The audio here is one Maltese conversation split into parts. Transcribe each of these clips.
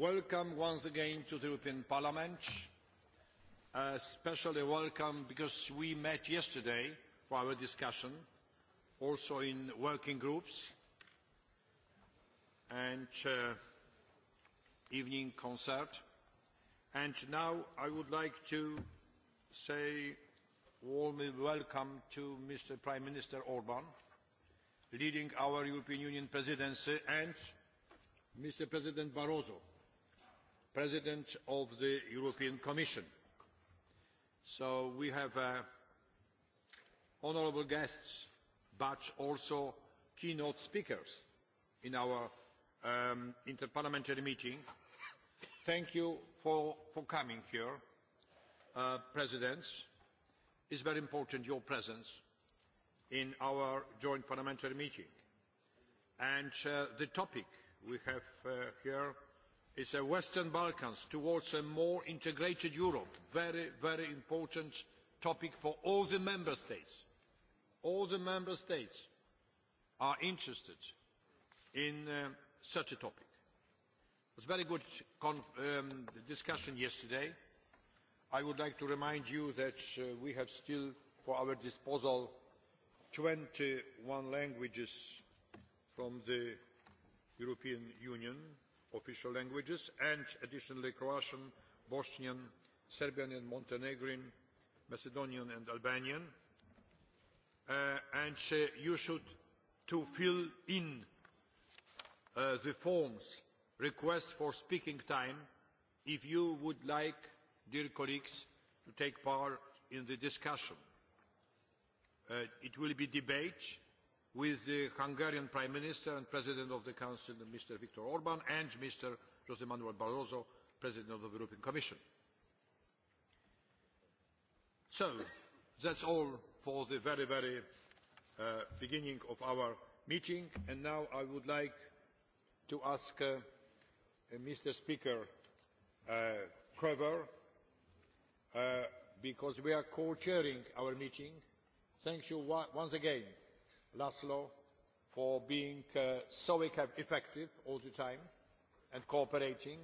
Welcome once again to the European Parliament. especially welcome because we met yesterday for our discussion, also in working groups and uh, evening concert. And now I would like to say warmly welcome to Mr. Prime Minister Orban, leading our European Union presidency, and Mr. President Barroso President of the European Commission. So we have uh, honorable guests, but also keynote speakers in our um, interparliamentary meeting. Thank you for, for coming here, uh, Presidents. It's very important your presence in our joint parliamentary meeting. And uh, the topic we have uh, here is a Western Balkans towards a more integrated Europe. Very, very important topic for all the member states. All the member states are interested in uh, such a topic. It was a very good um, discussion yesterday. I would like to remind you that uh, we have still for our disposal twenty one languages from the European Union official languages, and additionally Croatian, Bosnian, Serbian and Montenegrin, Macedonian and Albanian. Uh, and uh, you should to fill in uh, the forms request for speaking time if you would like, dear colleagues, to take part in the discussion. Uh, it will be debate with the Hungarian Prime Minister and President of the Council, Mr. Viktor Orban, and Mr. José Manuel Barroso, President of the European Commission. So, that's all for the very, very uh, beginning of our meeting. And now I would like to ask uh, Mr. Speaker uh, uh, because we are co-chairing our meeting. Thank you once again Laszlo for being uh, so effective all the time and cooperating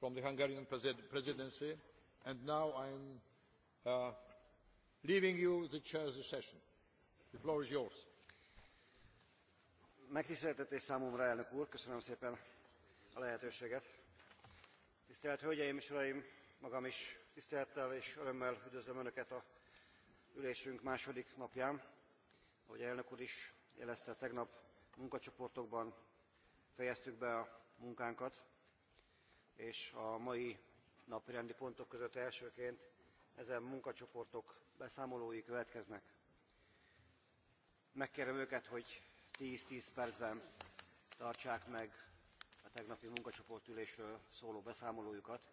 from the Hungarian presid presidency. And now I'm uh, leaving you the chair of the session. The floor is yours. Megtiszteltetés számomra, elnök úr, köszönöm szépen a lehetőséget. Tisztelt Hölgyeim és Uraim, magam is tisztelettel és örömmel üdvözlöm Önöket a ülésünk második napján ahogy elnök úr is jelezte, tegnap munkacsoportokban fejeztük be a munkánkat, és a mai napi rendi pontok között elsőként ezen munkacsoportok beszámolói következnek. Megkérem őket, hogy 10-10 percben tartsák meg a tegnapi munkacsoportülésről szóló beszámolójukat.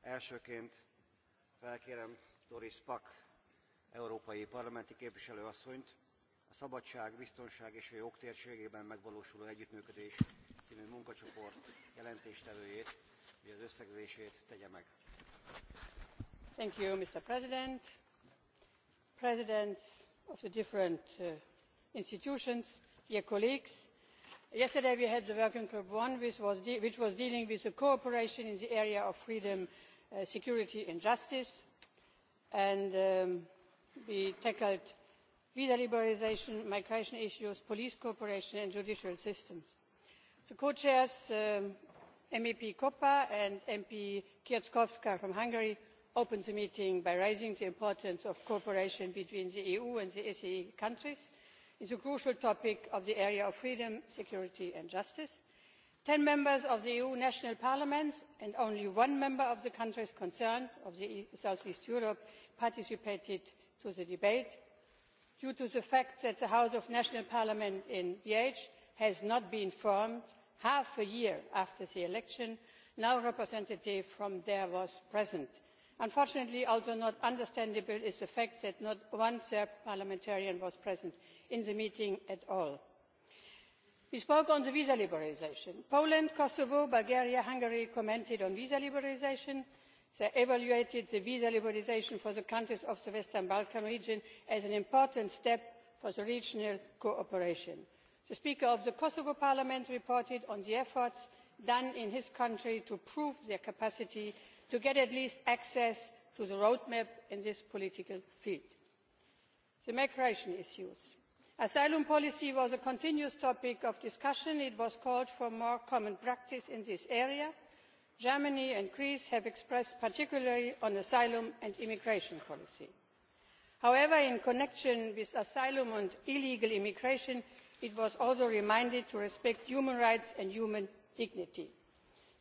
Elsőként felkérem Doris Pak, európai parlamenti képviselő asszonyt, a szabadság, biztonság és a jogtérségében megvalósuló együttműködés című munkacsoport jelentéstevőjét, hogy az összegzését tegye meg. Thank you, Mr. President. Presidents of the different uh, institutions, dear colleagues, yesterday we had the working group one, which was, de which was dealing with the cooperation in the area of freedom, uh, security and justice, and um, we tackled visa liberalisation migration issues police cooperation and judicial systems. the co chairs mep um, koppa and mp kwiatkowska from hungary opened the meeting by raising the importance of cooperation between the eu and the osce e countries in the crucial topic of the area of freedom security and justice. ten members of the eu national parliaments and only one member of the countries concerned of the e south east europe participated in the debate due to the fact that the house of national parliament in liege has not been formed half a year after the election no representative from there was present. unfortunately also not understandable is the fact that not one serb parliamentarian was present in the meeting at all. we spoke on the visa liberalisation. poland kosovo bulgaria and hungary commented on visa liberalisation they evaluated the visa liberalisation for the countries of the western balkan region as an important step for the regional cooperation. the speaker of the kosovo parliament reported on the efforts done in his country to prove their capacity to get at least access to the roadmap in this political field. the migration issues asylum policy was a continuous topic of discussion. it was called for more common practice in this area germany and greece have expressed particularly on asylum and immigration policy. however in connection with asylum and illegal immigration it was also reminded to respect human rights and human dignity.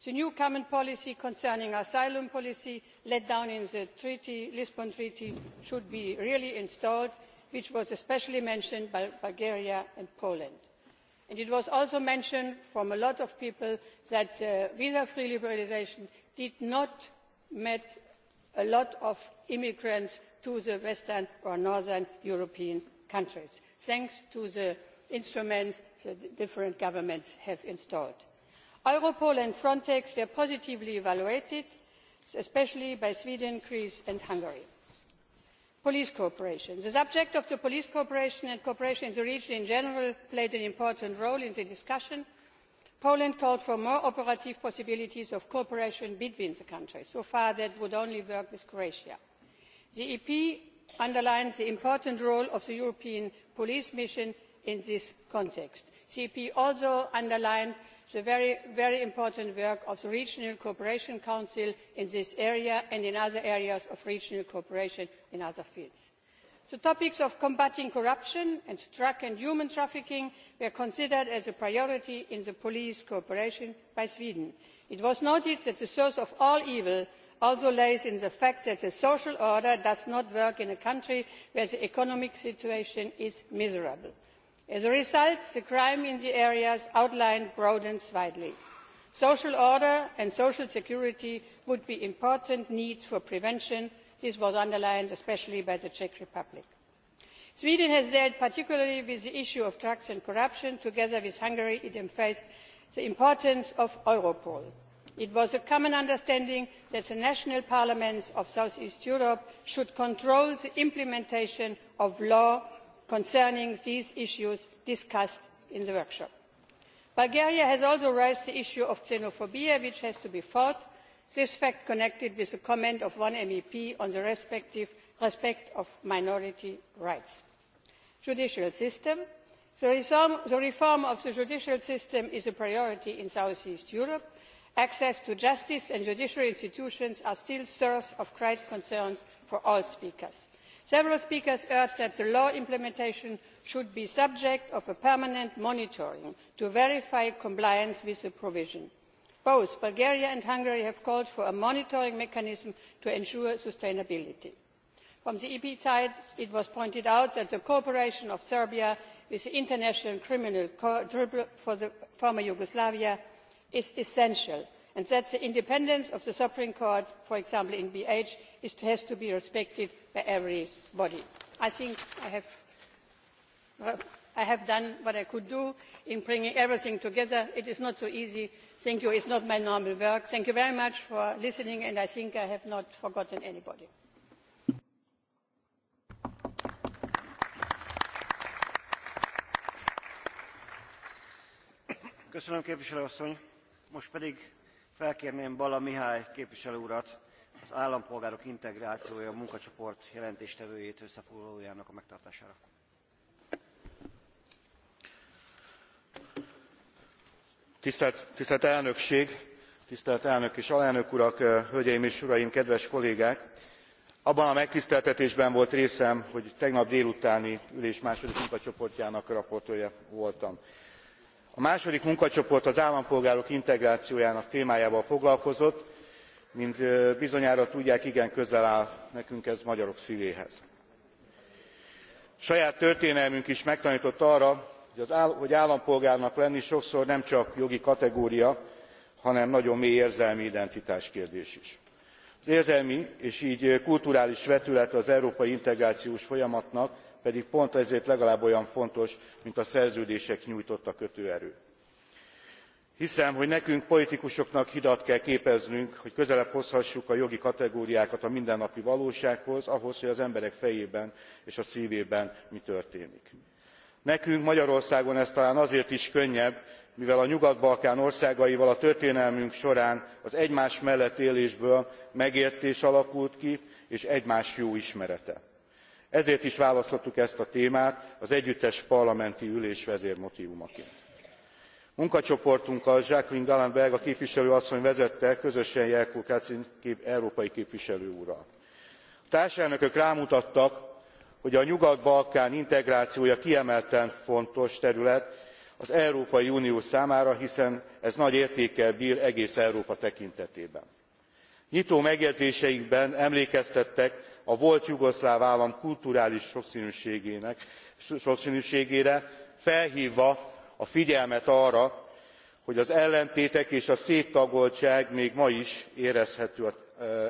the new common policy concerning asylum policy laid down in the lisbon treaty should be really installed which was especially mentioned by bulgaria and poland. And it was also mentioned from a lot of people that uh, visa-free liberalisation did not met a lot of immigrants to the Western or Northern European countries, thanks to the instruments the different governments have installed. Europol and Frontex were positively evaluated, especially by Sweden, Greece and Hungary police cooperation. the subject of the police cooperation and cooperation in the region in general played an important role in the discussion. poland called for more operative possibilities of cooperation between the countries. so far that would only work with croatia. the ep underlines the important role of the european police mission in this context. the ep also underlined the very, very important work of the Regional Cooperation Council in this area and in other areas of regional cooperation in other fields. The topics of combating corruption and drug and human trafficking were considered as a priority in the police cooperation by Sweden. It was noted that the source of all evil also lies in the fact that the social order does not work in a country where the economic situation is miserable as a result the crime in the areas outlined broadens widely. social order and social security would be important needs for prevention this was underlined especially by the czech republic. sweden has dealt particularly with the issue of drugs and corruption. together with hungary it emphasised the importance of europol. it was a common understanding that the national parliaments of south east europe should control the implementation of law concerning these issues discussed in the workshop. bulgaria has also raised the issue of xenophobia which has to be fought this fact connected with the comment of one mep on the respect of minority rights. judicial system the reform, of the judicial system is a priority in south east europe. access to justice and judicial institutions are still a source of great concern for all speakers several speakers urged that the law implementation should be subject to permanent monitoring to verify compliance with the provision. both bulgaria and hungary have called for a monitoring mechanism to ensure sustainability. from the ep side it was pointed out that the cooperation of serbia with the international criminal court for the former yugoslavia is essential and that the independence of the Supreme court for example in bih it has to be respected by everybody. I think I have, well, uh, I have done what I could do in bringing everything together. It is not so easy. Thank you. It's not my normal work. Thank you very much for listening, and I think I have not forgotten anybody. Köszönöm képviselő asszony. Most pedig felkérném Bala Mihály képviselő urat, az állampolgárok integrációja a munkacsoport jelentéstevőjét összefoglalójának a megtartására. Tisztelt, tisztelt elnökség, tisztelt elnök és alelnök urak, hölgyeim és uraim, kedves kollégák! Abban a megtiszteltetésben volt részem, hogy tegnap délutáni ülés második munkacsoportjának raportője voltam. A második munkacsoport az állampolgárok integrációjának témájával foglalkozott, mint bizonyára tudják igen közel áll nekünk ez magyarok szvéhez. saját történelmünk is megtantott arra hogy állampolgárnak lenni sokszor nem csak jogi kategória hanem nagyon mély érzelmi identitás kérdés is. az érzelmi és gy kulturális vetülete az európai integrációs folyamatnak pedig pont ezért legalább olyan fontos mint a szerződések nyújtotta kötőerő hiszem hogy nekünk politikusoknak hidat kell képeznünk hogy közelebb hozhassuk a jogi kategóriákat a mindennapi valósághoz ahhoz hogy az emberek fejében és a szvében mi történik. nekünk magyarországon ez talán azért is könnyebb mivel a nyugat balkán országaival a történelmünk során az egymás mellett élésből megértés alakult ki és egymás jó ismerete. ezért is választottuk ezt a témát az együttes parlamenti ülés vezérmotvumaként munkacsoportunkkal jacqueline gallenberg képviselő asszony vezette közösen jelko kacin európai képviselő úrral. a társelnökök rámutattak hogy a nyugat balkán integrációja kiemelten fontos terület az európai unió számára hiszen ez nagy értékkel br egész európa tekintetében. nyitó megjegyzéseikben emlékeztettek a volt jugoszláv állam kulturális soksznűségére felhvva a figyelmet arra hogy az ellentétek és a széttagoltság még ma is érezhető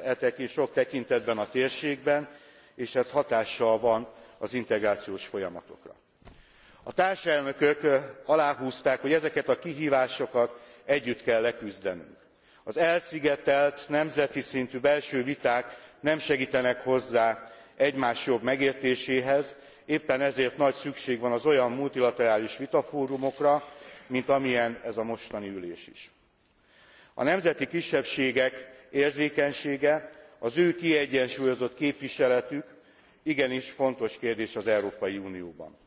e sok tekintetben a térségben és ez hatással van az integrációs folyamatokra. a társelnökök aláhúzták hogy ezeket a kihvásokat együtt kell leküzdenünk. az elszigetelt nemzeti szintű belső viták nem segtenek hozzá egymás jobb megértéséhez éppen ezért nagy szükség van az olyan multilaterális vitafórumokra mint amilyen ez a mostani ülés is. a nemzeti kisebbségek érzékenysége az ő kiegyensúlyozott képviseletük igenis fontos kérdés az európai unióban.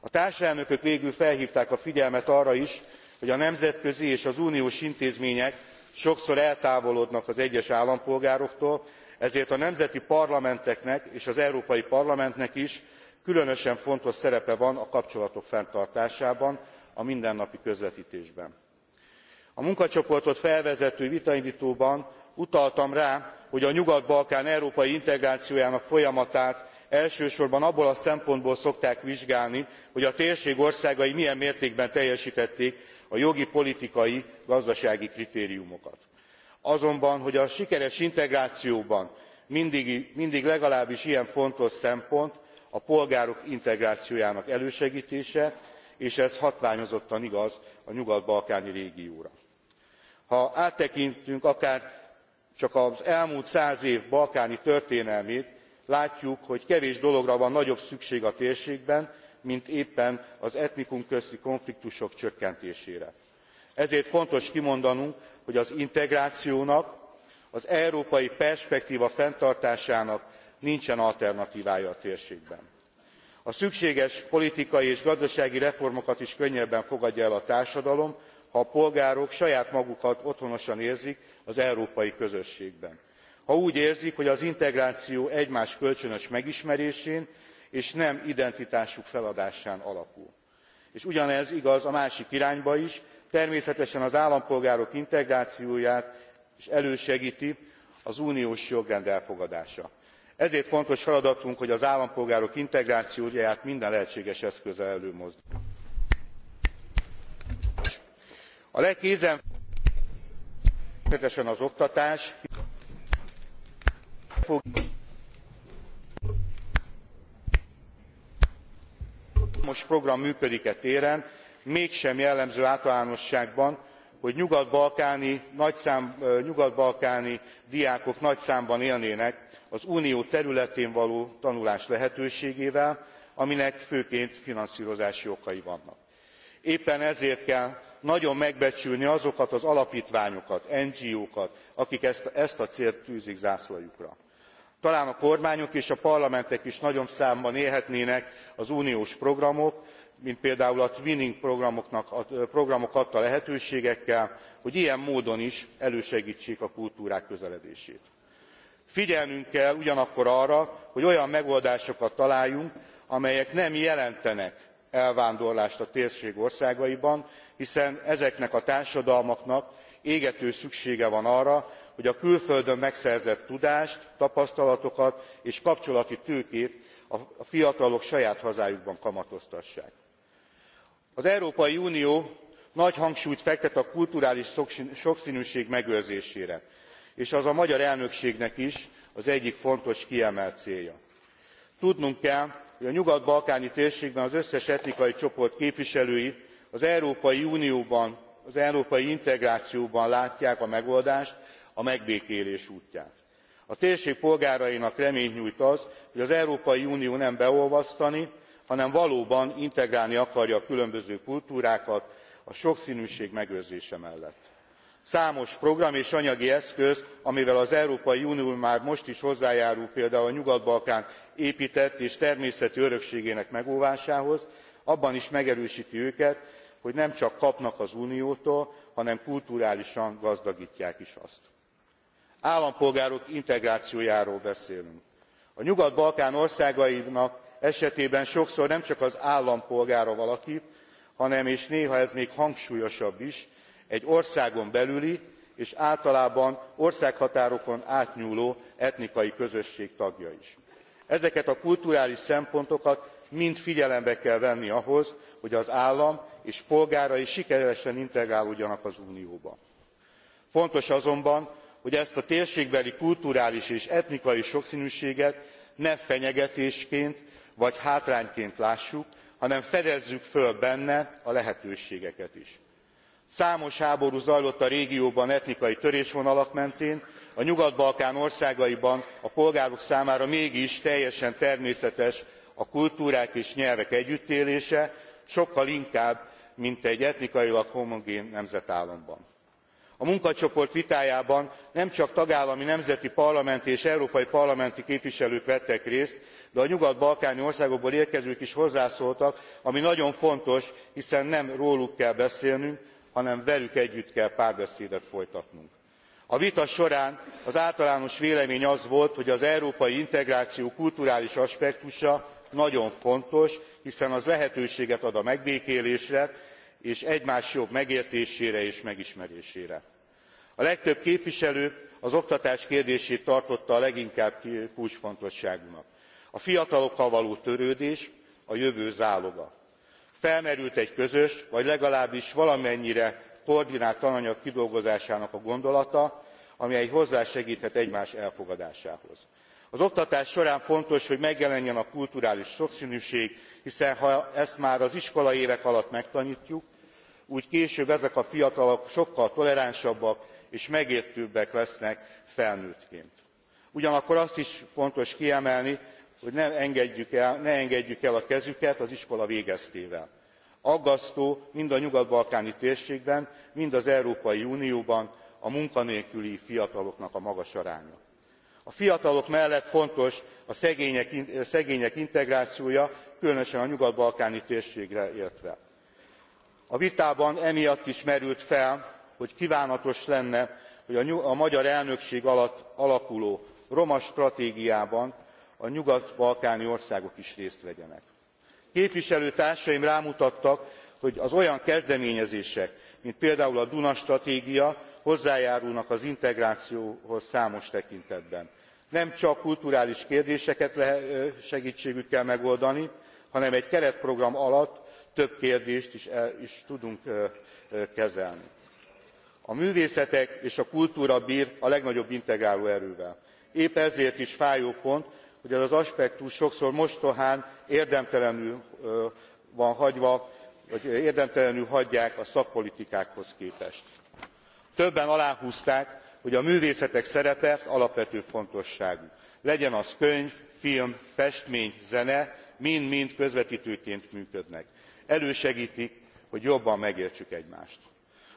a társelnökök végül felhvták a figyelmet arra is hogy a nemzetközi és az uniós intézmények sokszor eltávolodnak az egyes állampolgároktól ezért a nemzeti parlamenteknek és az európai parlamentnek is különösen fontos szerepe van a kapcsolatok fenntartásában a mindennapi közvettésben. a munkacsoportot felvezető vitaindtóban utaltam rá hogy a nyugat balkán európai integrációjának folyamatát elsősorban abból a szempontból szokták vizsgálni hogy a térség országai milyen mértékben teljestették a jogi politikai gazdasági kritériumokat. azonban hogy a sikeres integrációban mindig, mindig legalábbis ilyen fontos szempont a polgárok integrációjának elősegtése és ez hatványozottan igaz a nyugat balkáni régióra. ha áttekintünk akár csak az elmúlt száz év balkáni történelmét látjuk hogy kevés dologra van nagyobb szükség a térségben mint éppen az etnikum közti konfliktusok csökkentésére. ezért fontos kimondanunk hogy az integrációnak az európai perspektva fenntartásának nincsen alternatvája a térségben. a szükséges politikai és gazdasági reformokat is könnyebben fogadja el a társadalom ha a polgárok saját magukat otthonosan érzik az európai közösségben ha úgy érzik hogy az integráció egymás kölcsönös megismerésén és nem identitásuk feladásán alapul. és ugyanez igaz a másik irányba is természetesen az állampolgárok integrációját is elősegti az uniós jogrend elfogadása ezért fontos feladatunk hogy az állampolgárok integrációját minden lehetséges eszközzel előmozdtsuk. a legkézenfekvőbb természetesen az oktatás számos program működik e téren mégsem jellemző általánosságban hogy nyugat -balkáni diákok nagy számban élnének az unió területén való tanulás lehetőségével aminek főként finanszrozási okai vannak. éppen ezért kell nagyon megbecsülni azokat az alaptványokat ngo kat akik ezt, a célt tűzik zászlajukra. talán a kormányok és a parlamentek is nagyobb számban élhetnének az uniós programok mint például a twinning programok adta lehetőségekkel hogy ilyen módon is elősegtsék a kultúrák közeledését figyelnünk kell ugyanakkor arra hogy olyan megoldásokat találjunk amelyek nem jelentenek elvándorlást a térség országaiban hiszen ezeknek a társadalmaknak égető szüksége van arra hogy a külföldön megszerzett tudást tapasztalatokat és kapcsolati tőkét a fiatalok saját hazájukban kamatoztassák. az európai unió nagy hangsúlyt fektet a kulturális soksznűség megőrzésére és az a magyar elnökségnek is az egyik fontos kiemelt célja. tudnunk kell hogy a nyugat balkáni térségben az összes etnikai csoport képviselői az európai unióban az európai integrációban látják a megoldást a megbékélés útját. a térség polgárainak reményt nyújt az hogy az európai unió nem beolvasztani hanem valóban integrálni akarja a különböző kultúrákat a soksznűség megőrzése mellett számos program és anyagi eszköz amivel az európai unió már most is hozzájárul például a nyugat balkán éptett és természeti örökségének megóvásához abban is megerősti őket hogy nem csak kapnak az uniótól hanem kulturálisan gazdagtják is azt. állampolgárok integrációjáról beszélünk. a nyugat balkán országainak esetében sokszor nem csak az állampolgára valaki hanem és néha ez még hangsúlyosabb is egy országon belüli és általában országhatárokon átnyúló etnikai közösség tagja is. ezeket a kulturális szempontokat mind figyelembe kell venni ahhoz hogy az állam és polgárai sikeresen integrálódjanak az unióba. fontos azonban hogy ezt a térségbeli kulturális és etnikai soksznűséget ne fenyegetésként vagy hátrányként lássuk hanem fedezzük föl benne a lehetőségeket is számos háború zajlott a régióban etnikai törésvonalak mentén a nyugat balkán országaiban a polgárok számára mégis teljesen természetes a kultúrák és nyelvek együttélése sokkal inkább mint egy etnikailag homogén nemzetállamban. a munkacsoport vitájában nem csak tagállami nemzeti parlamenti és európai parlamenti képviselők vettek részt de a nyugat balkáni országokból érkezők is hozzászóltak ami nagyon fontos hiszen nem róluk kell beszélnünk hanem velük együtt kell párbeszédet folytatnunk. a vita során az általános vélemény az volt hogy az európai integráció kulturális aspektusa nagyon fontos hiszen az lehetőséget ad a megbékélésre és egymás jobb megértésére és megismerésére. a legtöbb képviselő az oktatás kérdését tartotta a leginkább kulcsfontosságúnak. a fiatalokkal való törődés a jövő záloga felmerült egy közös vagy legalábbis valamennyire koordinált tananyag kidolgozásának a gondolata amely hozzásegthet egymás elfogadásához. az oktatás során fontos hogy megjelenjen a kulturális soksznűség hiszen ha ezt már az iskolaévek alatt megtantjuk úgy később ezek a fiatalok sokkal toleránsabbak és megértőbbek lesznek felnőttként. ugyanakkor azt is fontos kiemelni hogy ne engedjük el, a kezüket az iskola végeztével. aggasztó mind a nyugat balkáni térségben mind az európai unióban a munkanélküli fiataloknak a magas aránya. a fiatalok mellett fontos a szegények, szegények integrációja különösen a nyugat balkáni térségre értve. a vitában emiatt is merült fel hogy kvánatos lenne hogy a magyar elnökség alatt alakuló roma stratégiában a nyugat balkáni országok is részt vegyenek. képviselőtársaim rámutattak hogy az olyan kezdeményezések mint például a duna stratégia hozzájárulnak az integrációhoz számos tekintetben. nem csak kulturális kérdéseket segtségük kell megoldani hanem egy keretprogram alatt több kérdést is, is tudunk kezelni. a művészetek és a kultúra br a legnagyobb integráló erővel épp ezért is fájó pont hogy ez az aspektus sokszor mostohán érdemtelenül van hagyva vagy érdemtelenül hagyják a szakpolitikákhoz képest. többen aláhúzták hogy a művészetek szerepe alapvető fontosságú legyen az könyv film festmény zene mind mind közvettőként működnek elősegtik hogy jobban megértsük egymást.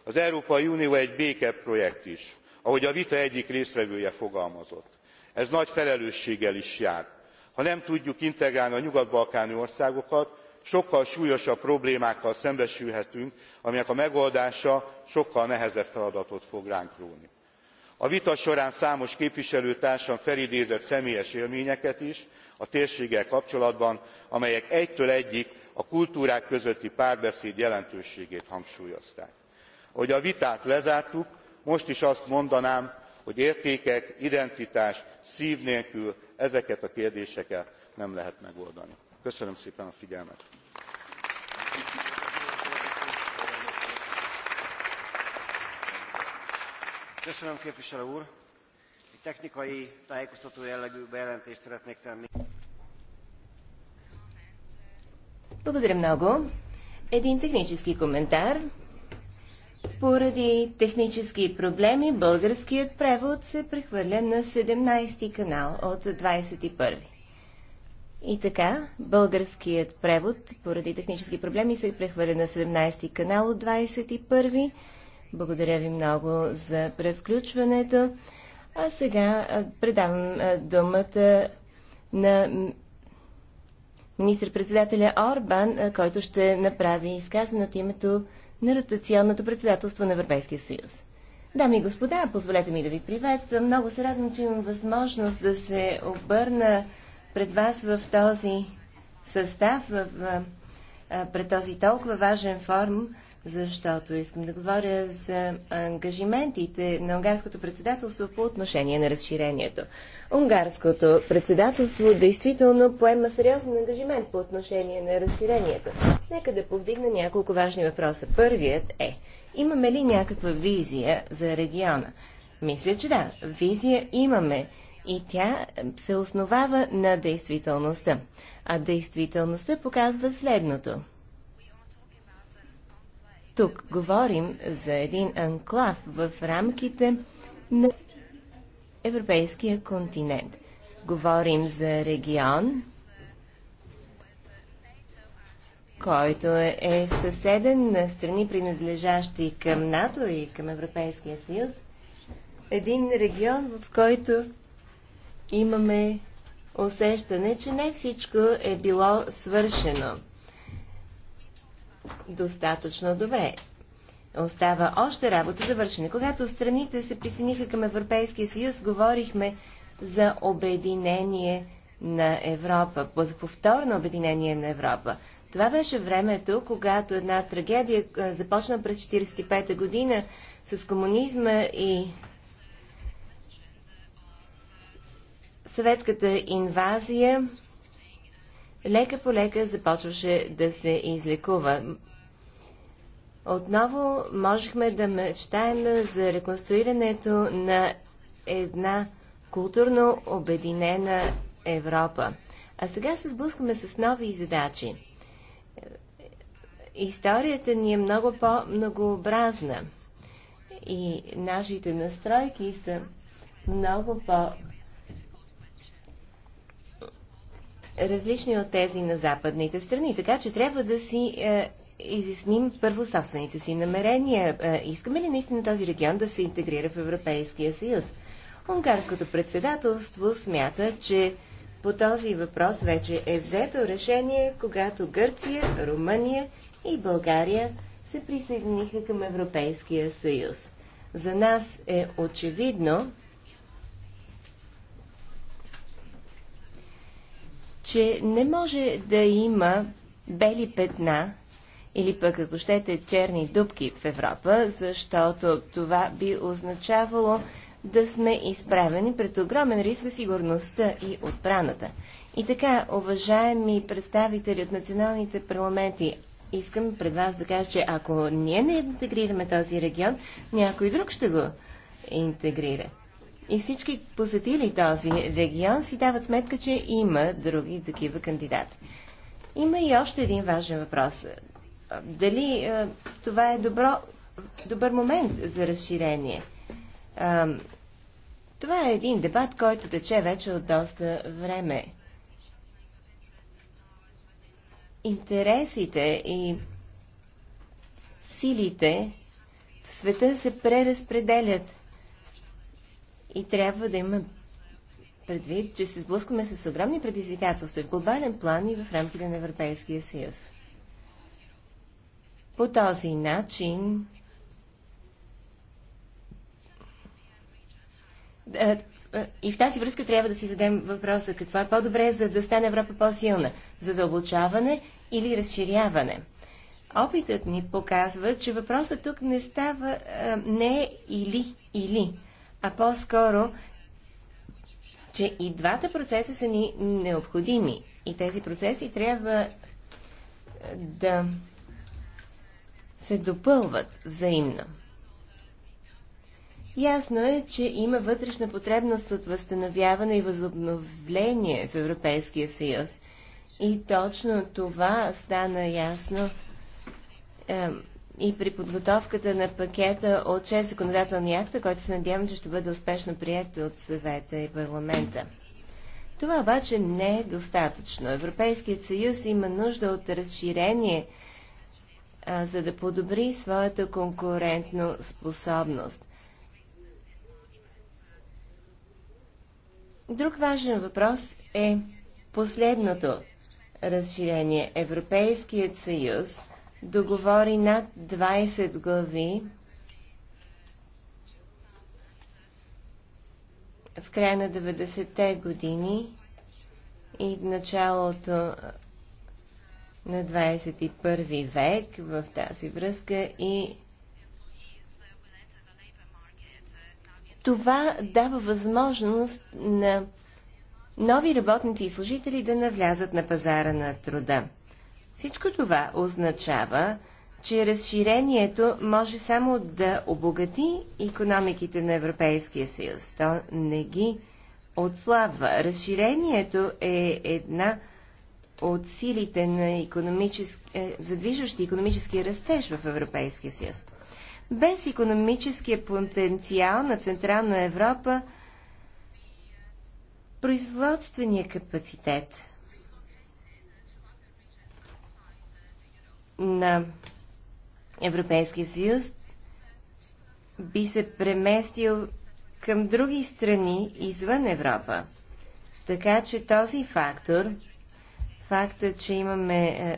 az európai unió egy békeprojekt is ahogy a vita egyik résztvevője fogalmazott ez nagy felelősséggel is jár. ha nem tudjuk integrálni a nyugat balkáni országokat sokkal súlyosabb problémákkal szembesülhetünk amelyek a megoldása sokkal nehezebb feladatot fog ránk róni. a vita során számos képviselőtársam felidézett személyes élményeket is a térséggel kapcsolatban amelyek egytől egyig a kultúrák közötti párbeszéd jelentőségét hangsúlyozták. ahogy a vitát lezártuk most is azt mondanám hogy értékek identitás szv nélkül ezeket a kérdéseket nem lehet megoldani. köszönöm szépen a figyelmet! Köszönöm képviselő úr! Egy technikai tájékoztató jellegű bejelentést szeretnék tenni. Благодаря много. Един технически коментар. Поради технически проблеми, българският превод се прехвърля на 17 канал от 21. И така, българският превод поради технически проблеми се прехвърля на 17 канал от 21. Благодаря ви много за превключването. А сега предавам думата на министр-председателя Орбан, който ще направи изказване от името на ротационното председателство на Европейския съюз. Дами и господа, позволете ми да ви приветствам. Много се радвам, че имам възможност да се обърна пред вас в този състав, в, пред този толкова важен форум защото искам да говоря за ангажиментите на унгарското председателство по отношение на разширението. Унгарското председателство действително поема сериозен ангажимент по отношение на разширението. Нека да повдигна няколко важни въпроса. Първият е, имаме ли някаква визия за региона? Мисля, че да, визия имаме и тя се основава на действителността. А действителността показва следното – Тук говорим за един анклав в рамките на европейския континент. Говорим за регион, който е съседен на страни, принадлежащи към НАТО и към Европейския съюз. Един регион, в който имаме усещане, че не всичко е било свършено достатъчно добре. Остава още работа за вършене. Когато страните се присъединиха към Европейския съюз, говорихме за обединение на Европа, повторно обединение на Европа. Това беше времето, когато една трагедия започна през 1945 година с комунизма и съветската инвазия лека по лека започваше да се излекува. Отново можехме да мечтаем за реконструирането на една културно обединена Европа. А сега се сблъскваме с нови задачи. Историята ни е много по-многообразна и нашите настройки са много по-многообразни различни от тези на западните страни. Така че трябва да си е, изясним първо собствените си намерения. Е, искаме ли наистина този регион да се интегрира в Европейския съюз? Унгарското председателство смята, че по този въпрос вече е взето решение, когато Гърция, Румъния и България се присъединиха към Европейския съюз. За нас е очевидно, че не може да има бели петна или пък ако щете черни дубки в Европа, защото това би означавало да сме изправени пред огромен риск за сигурността и отбраната. И така, уважаеми представители от националните парламенти, искам пред вас да кажа, че ако ние не интегрираме този регион, някой друг ще го интегрира. И всички посетили този регион си дават сметка, че има други такива кандидати. Има и още един важен въпрос. Дали е, това е добро, добър момент за разширение? Е, това е един дебат, който тече вече от доста време. Интересите и силите в света се преразпределят – и трябва да има предвид, че се сблъскваме с огромни предизвикателства в глобален план и в рамките на Европейския съюз. По този начин и в тази връзка трябва да си зададем въпроса какво е по-добре, за да стане Европа по-силна – задълбочаване или разширяване. Опитът ни показва, че въпросът тук не става не или или а по-скоро, че и двата процеса са ни необходими. И тези процеси трябва да се допълват взаимно. Ясно е, че има вътрешна потребност от възстановяване и възобновление в Европейския съюз. И точно това стана ясно и при подготовката на пакета от 6 законодателни акта, който се надявам, че ще бъде успешно прият от съвета и парламента. Това обаче не е достатъчно. Европейският съюз има нужда от разширение, а, за да подобри своята конкурентна способност. Друг важен въпрос е последното разширение. Европейският съюз – договори над 20 глави. В края на 90-те години и началото на 21 век в тази връзка и това дава възможност на нови работници и служители да навлязат на пазара на труда. Всичко това означава, че разширението може само да обогати економиките на Европейския съюз. То не ги отслабва. Разширението е една от силите на економически, задвижващи економически растеж в Европейския съюз. Без економическия потенциал на Централна Европа производствения капацитет – на Европейския съюз би се преместил към други страни извън Европа. Така че този фактор, факта, че имаме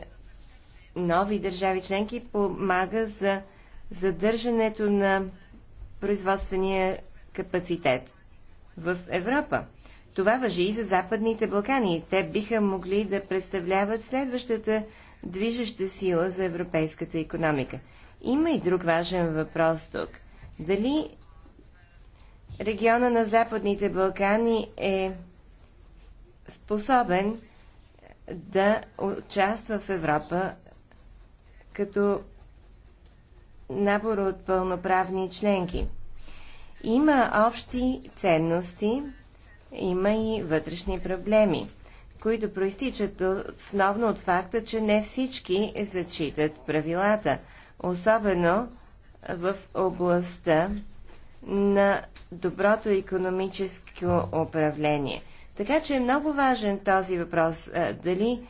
нови държави членки, помага за задържането на производствения капацитет в Европа. Това въжи и за Западните Балкани. Те биха могли да представляват следващата движеща сила за европейската економика. Има и друг важен въпрос тук. Дали региона на Западните Балкани е способен да участва в Европа като набор от пълноправни членки. Има общи ценности, има и вътрешни проблеми които проистичат основно от факта, че не всички зачитат правилата, особено в областта на доброто економическо управление. Така че е много важен този въпрос дали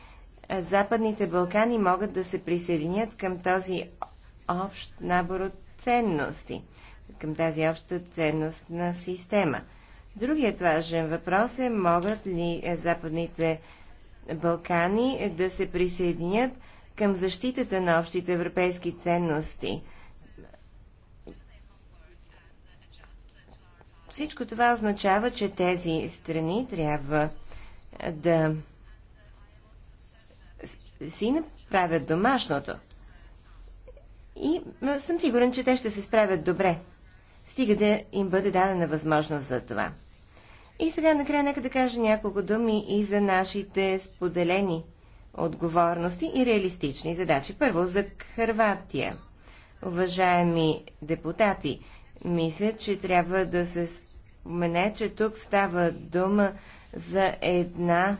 Западните Балкани могат да се присъединят към този общ набор от ценности, към тази обща ценностна система – Другият важен въпрос е могат ли Западните Балкани да се присъединят към защитата на общите европейски ценности. Всичко това означава, че тези страни трябва да си направят домашното. И съм сигурен, че те ще се справят добре стига да им бъде дадена възможност за това. И сега накрая нека да кажа няколко думи и за нашите споделени отговорности и реалистични задачи. Първо за Хърватия. Уважаеми депутати, мисля, че трябва да се спомене, че тук става дума за една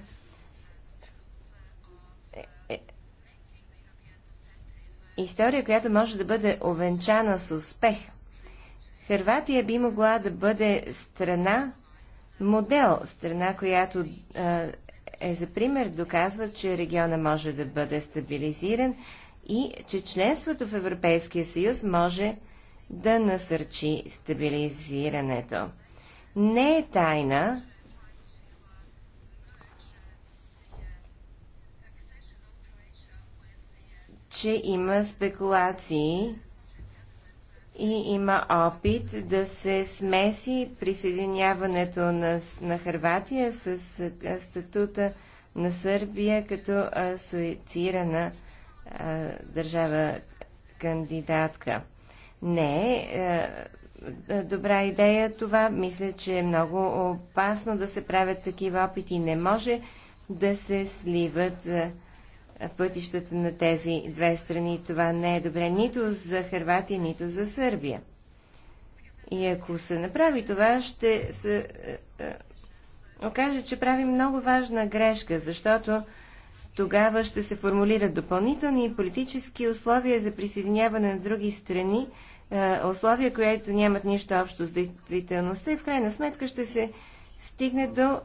история, която може да бъде овенчана с успех – Хърватия би могла да бъде страна, модел, страна, която е за пример, доказва, че региона може да бъде стабилизиран и че членството в Европейския съюз може да насърчи стабилизирането. Не е тайна, че има спекулации и има опит да се смеси присъединяването на, на Харватия с статута на Сърбия като асоциирана държава кандидатка. Не е добра идея това. Мисля, че е много опасно да се правят такива опити. Не може да се сливат а, пътищата на тези две страни. Това не е добре нито за Хърватия, нито за Сърбия. И ако се направи това, ще се окаже, че прави много важна грешка, защото тогава ще се формулират допълнителни политически условия за присъединяване на други страни, условия, които нямат нищо общо с действителността и в крайна сметка ще се стигне до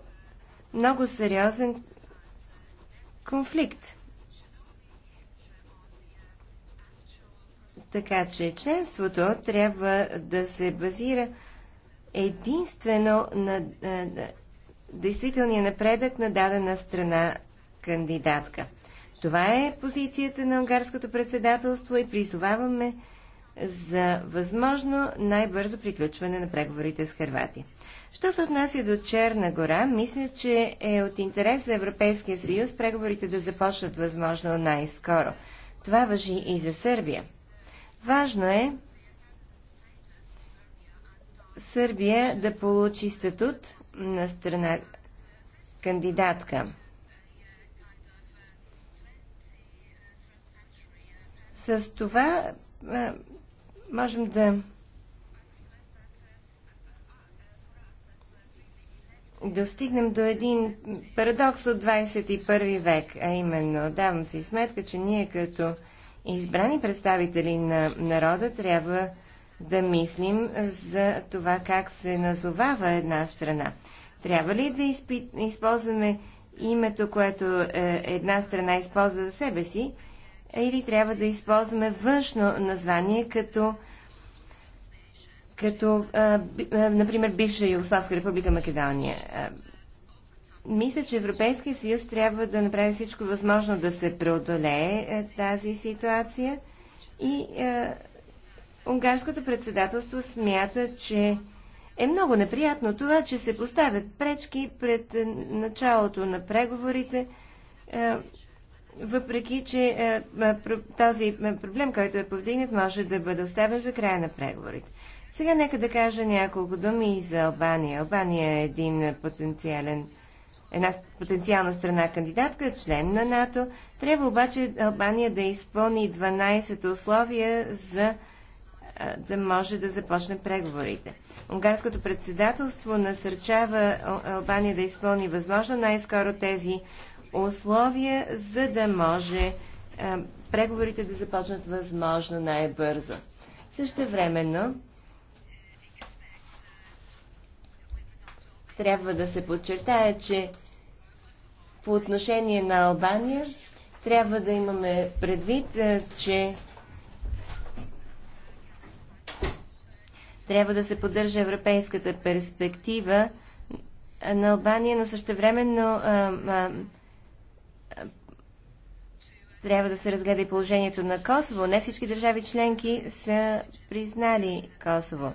много сериозен конфликт. Така че членството трябва да се базира единствено на, на действителния напредък на дадена страна кандидатка. Това е позицията на унгарското председателство и призоваваме за възможно най-бързо приключване на преговорите с Харватия. Що се отнася до Черна гора, мисля, че е от интерес за Европейския съюз преговорите да започнат възможно най-скоро. Това въжи и за Сърбия. Важно е Сърбия да получи статут на страна кандидатка. С това можем да достигнем до един парадокс от 21 век, а именно давам си сметка, че ние като избрани представители на народа трябва да мислим за това как се назовава една страна. Трябва ли да използваме името, което е, една страна използва за себе си, или трябва да използваме външно название, като, като например, бивша Югославска република Македония. Мисля, че Европейския съюз трябва да направи всичко възможно да се преодолее тази ситуация и е, унгарското председателство смята, че е много неприятно това, че се поставят пречки пред началото на преговорите, е, въпреки че е, този проблем, който е повдигнат, може да бъде оставен за края на преговорите. Сега нека да кажа няколко думи и за Албания. Албания е един потенциален една потенциална страна кандидатка, член на НАТО. Трябва обаче Албания да изпълни 12 условия за да може да започне преговорите. Унгарското председателство насърчава Албания да изпълни възможно най-скоро тези условия, за да може преговорите да започнат възможно най-бързо. Също времено трябва да се подчертая, че По отношение на Албания, трябва да имаме предвид, че трябва да се поддържа европейската перспектива на Албания, но същевременно трябва да се разгледа и положението на Косово. Не всички държави членки са признали Косово.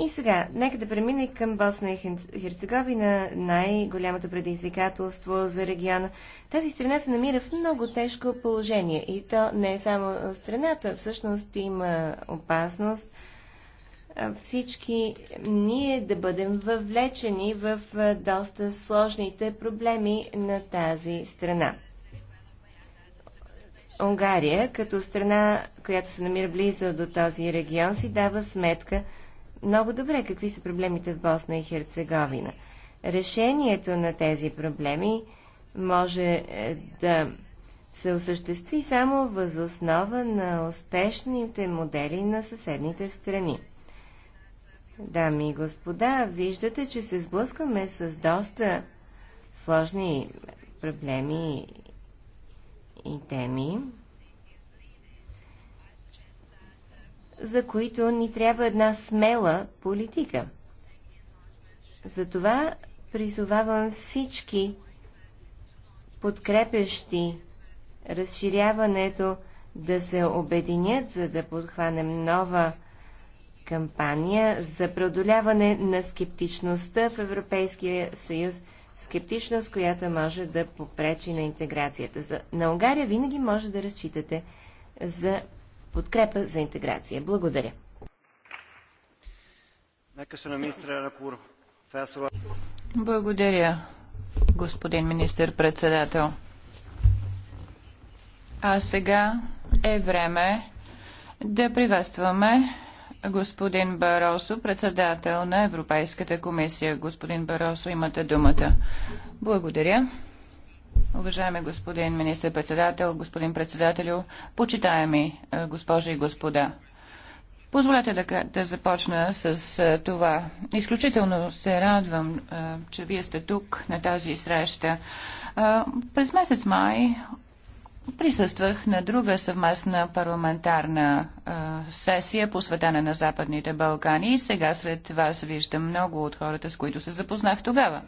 И сега, нека да премине към Босна и Херцеговина, най-голямото предизвикателство за региона. Тази страна се намира в много тежко положение и то не е само страната, всъщност има опасност всички ние да бъдем въвлечени в доста сложните проблеми на тази страна. Унгария, като страна, която се намира близо до този регион, си дава сметка – много добре какви са проблемите в Босна и Херцеговина. Решението на тези проблеми може да се осъществи само въз основа на успешните модели на съседните страни. Дами и господа, виждате, че се сблъскваме с доста сложни проблеми и теми. за които ни трябва една смела политика. Затова призовавам всички подкрепящи разширяването да се обединят, за да подхванем нова кампания за преодоляване на скептичността в Европейския съюз, скептичност, която може да попречи на интеграцията. За... На Унгария винаги може да разчитате за подкрепа за интеграция. Благодаря. Благодаря, господин министр-председател. А сега е време да приветстваме господин Баросо, председател на Европейската комисия. Господин Баросо, имате думата. Благодаря. Уважаеми господин министр-председател, господин председателю, почитаеми госпожи и господа. Позволете да, да започна с това. Изключително се радвам, че вие сте тук на тази среща. през месец май присъствах на друга съвместна парламентарна сесия, посветена на Западните Балкани и сега сред вас виждам много от хората, с които се запознах тогава.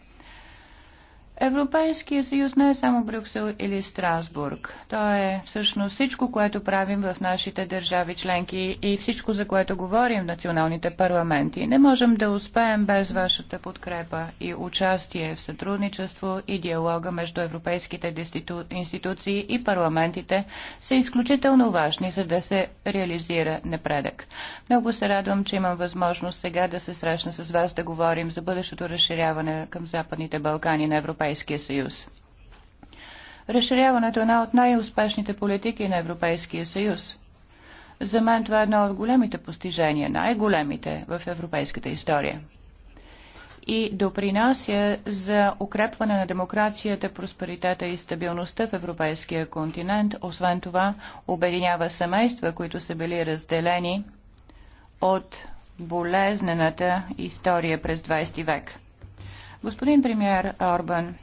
Европейския съюз не е само Брюксел или Страсбург. То е всъщност всичко, което правим в нашите държави членки и всичко, за което говорим в националните парламенти. Не можем да успеем без вашата подкрепа и участие в сътрудничество и диалога между европейските институ... институции и парламентите са изключително важни, за да се реализира напредък. Много се радвам, че имам възможност сега да се срещна с вас да говорим за бъдещото разширяване към Западните Балкани на Европейския Европейския съюз. Разширяването е една от най-успешните политики на Европейския съюз. За мен това е едно от големите постижения, най-големите в европейската история. И допринася за укрепване на демокрацията, просперитета и стабилността в европейския континент. Освен това, обединява семейства, които са били разделени от болезнената история през 20 век. Господин премьер Орбан,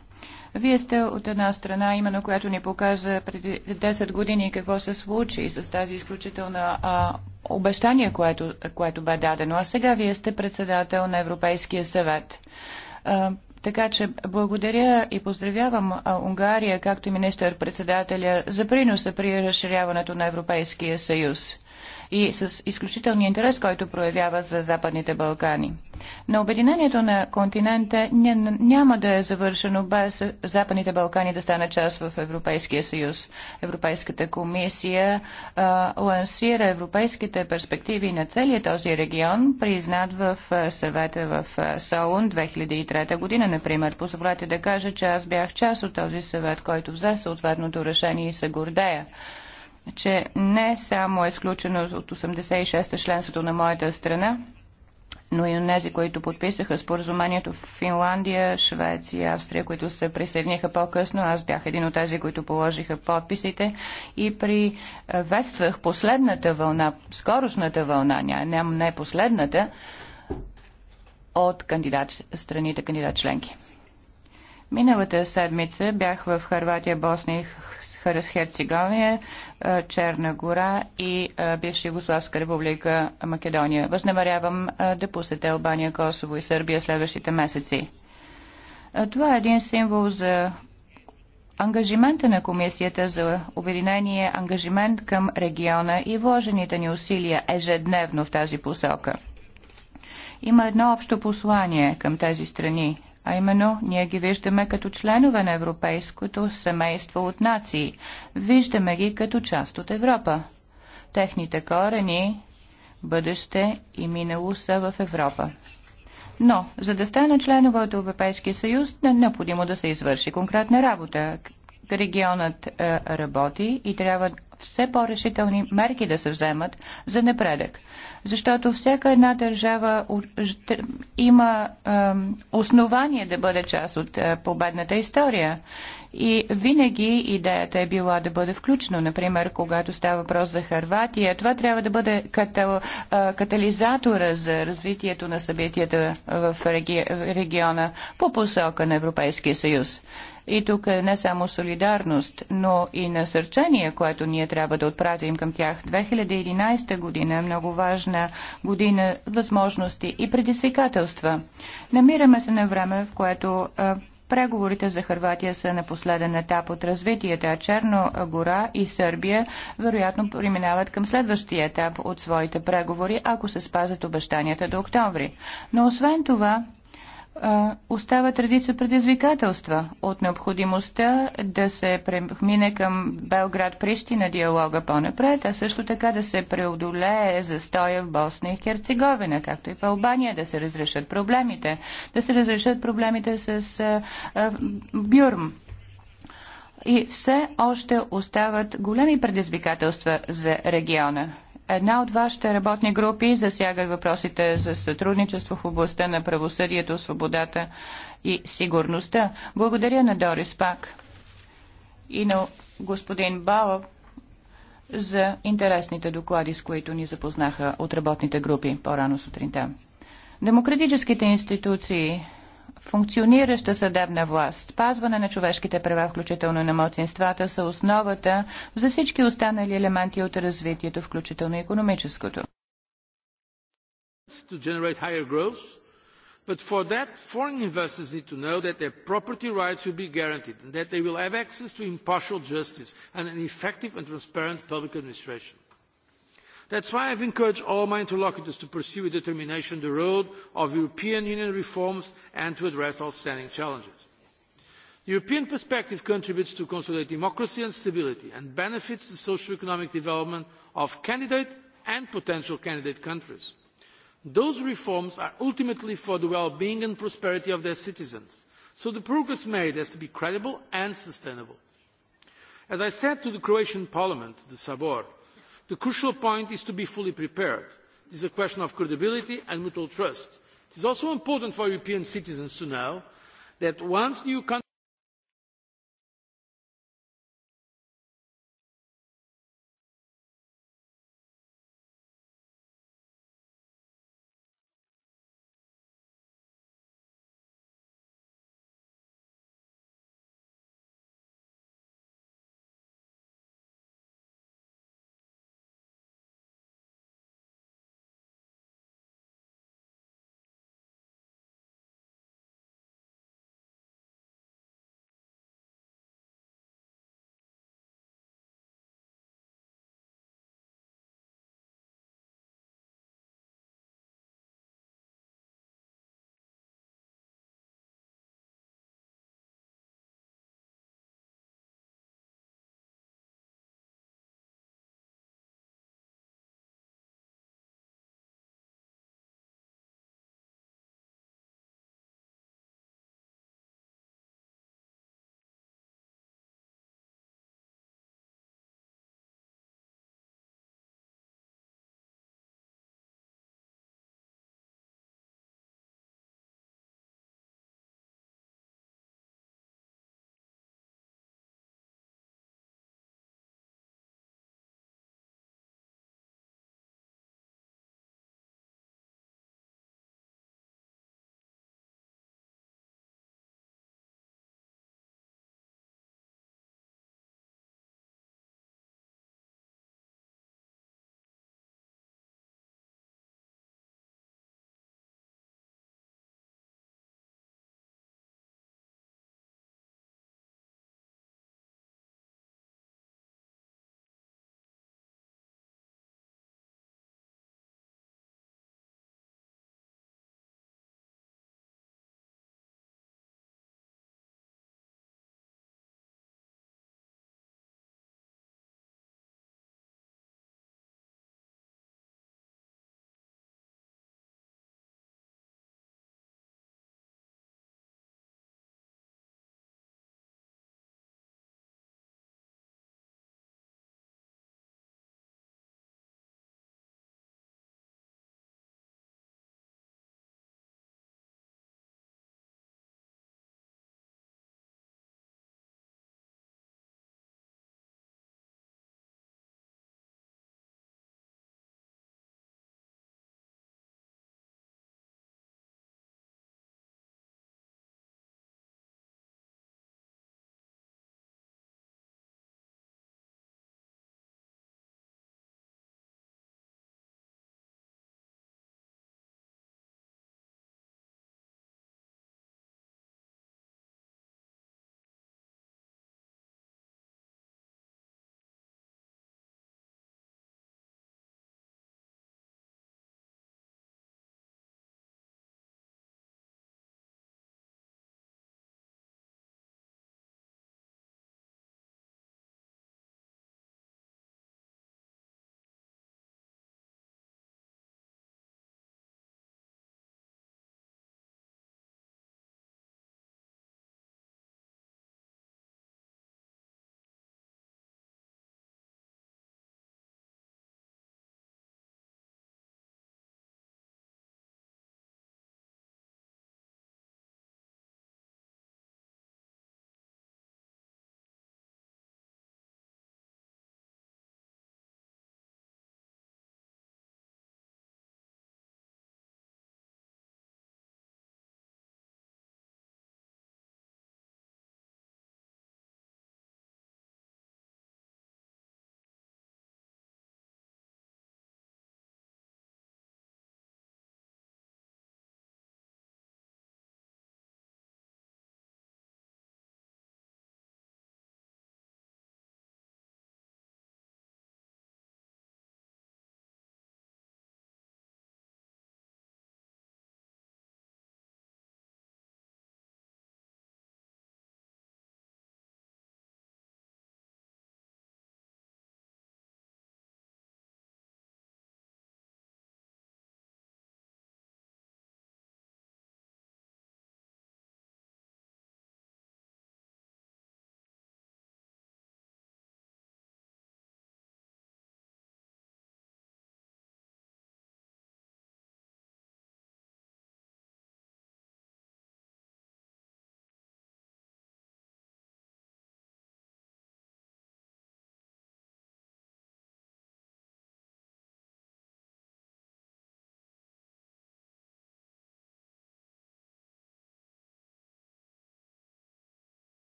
вие сте от една страна, именно която ни показа преди 10 години какво се случи с тази изключителна а, обещание, което, което бе дадено. А сега вие сте председател на Европейския съвет. А, така че благодаря и поздравявам Унгария, както и министър-председателя, за приноса при разширяването на Европейския съюз и с изключителния интерес, който проявява за Западните Балкани. Но обединението на континента няма да е завършено без Западните Балкани да стане част в Европейския съюз. Европейската комисия лансира европейските перспективи на целият този регион, признат в съвета в Солун 2003 година, например. Позволете да кажа, че аз бях част от този съвет, който взе съответното решение и се гордея че не само е изключено от 86-та членството на моята страна, но и нези, които подписаха споразумението в Финландия, Швеция, Австрия, които се присъединиха по-късно. Аз бях един от тези, които положиха подписите и приветствах последната вълна, скорошната вълна, нямам не последната, от кандидат, страните кандидат членки. Миналата седмица бях в Харватия, Босния Харис Херцеговия, Черна гора и бивша Югославска република Македония. Възнамерявам да посетя Албания, Косово и Сърбия следващите месеци. Това е един символ за ангажимента на Комисията за обединение, ангажимент към региона и вложените ни усилия ежедневно в тази посока. Има едно общо послание към тези страни а именно ние ги виждаме като членове на европейското семейство от нации. Виждаме ги като част от Европа. Техните корени, бъдеще и минало са в Европа. Но, за да стане членове от Европейския съюз, не е необходимо да се извърши конкретна работа. Регионът uh, работи и трябва все по-решителни мерки да се вземат за напредък. Защото всяка една държава има основание да бъде част от победната история. И винаги идеята е била да бъде включено. Например, когато става въпрос за Харватия, това трябва да бъде катал, катализатора за развитието на събитията в реги, региона по посока на Европейския съюз. И тук не само солидарност, но и насърчение, което ние трябва да отпратим към тях. 2011 година е много важна година възможности и предизвикателства. Намираме се на време, в което Преговорите за Харватия са на последен етап от развитието, а Черно гора и Сърбия вероятно преминават към следващия етап от своите преговори, ако се спазят обещанията до октомври. Но освен това, Устава редица предизвикателства от необходимостта да се премине към белград на диалога по-напред, а също така да се преодолее застоя в Босна и Херцеговина, както и в Албания, да се разрешат проблемите, да се разрешат проблемите с Бюрм. И все още остават големи предизвикателства за региона. Една от вашите работни групи засяга въпросите за сътрудничество в областта на правосъдието, свободата и сигурността. Благодаря на Дорис Пак и на господин Бао за интересните доклади, с които ни запознаха от работните групи по-рано сутринта. Демократическите институции функционираща съдебна власт, пазване на човешките права, включително на младсинствата, са основата за всички останали елементи от развитието, включително економическото. To generate higher growth, but for that, foreign investors need to know that their property rights will be guaranteed and that they will have access to impartial justice and an effective and transparent public administration That is why I have encouraged all my interlocutors to pursue with determination the road of European Union reforms and to address outstanding challenges. The European perspective contributes to consolidate democracy and stability and benefits the socio-economic development of candidate and potential candidate countries. Those reforms are ultimately for the well-being and prosperity of their citizens, so the progress made has to be credible and sustainable. As I said to the Croatian Parliament, the Sabor, The crucial point is to be fully prepared. It is a question of credibility and mutual trust. It is also important for European citizens to know that once new countries